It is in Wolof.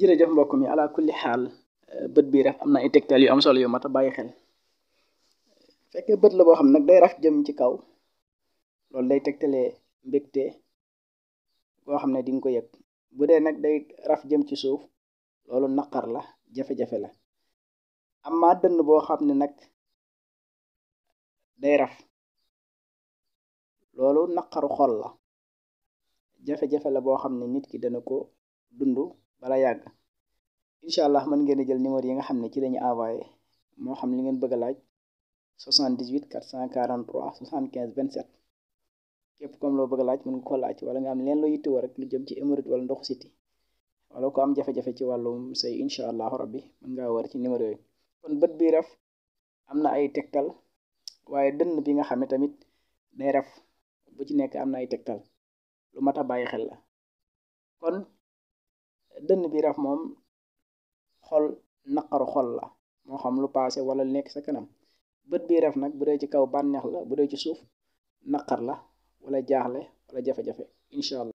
jërëjëf mbokk mi ala kulli xaal bët bii rek am na ay tegtal yu am solo yu mat a bàyyi xel fekkee bët la boo xam nag day raf jëm ci kaw loolu day tegtalee mbégte boo xam ne di ko yëg bu nag day raf jëm ci suuf loolu naqar la jafe-jafe la amma dënn boo xam ne nag day raf loolu naqaru xol la jafe-jafe la boo xam ne nit ki dana ko dund bala yàgg incha allah mën ngeen jël numéro yi nga xam ne ci lañu envoyé moo xam li ngeen bëgg a laaj 78 443 vingt 27 képp kom loo bëgg a laaj mën nga ko laaj wala nga am leen loo yittewoo rek lu jëm ci émirate wala ndoxu siti wala ko am jafe-jafe ci wàllum say incha allah rabbi mën ngaa war ci numéro yooyu kon bët bi ref am na ay tegtal waaye dënn bi nga xam ne tamit day ref bu ci nekk am na ay tegtal mat a bàyyi xel la dënn bi raf moom xol naqaru xol la moo xam lu paase wala lu nekk sa kanam bët bi raf nag bu dee ci kaw bànneex la bu dee ci suuf naqar la wala jaaxle wala jafe-jafe incha allah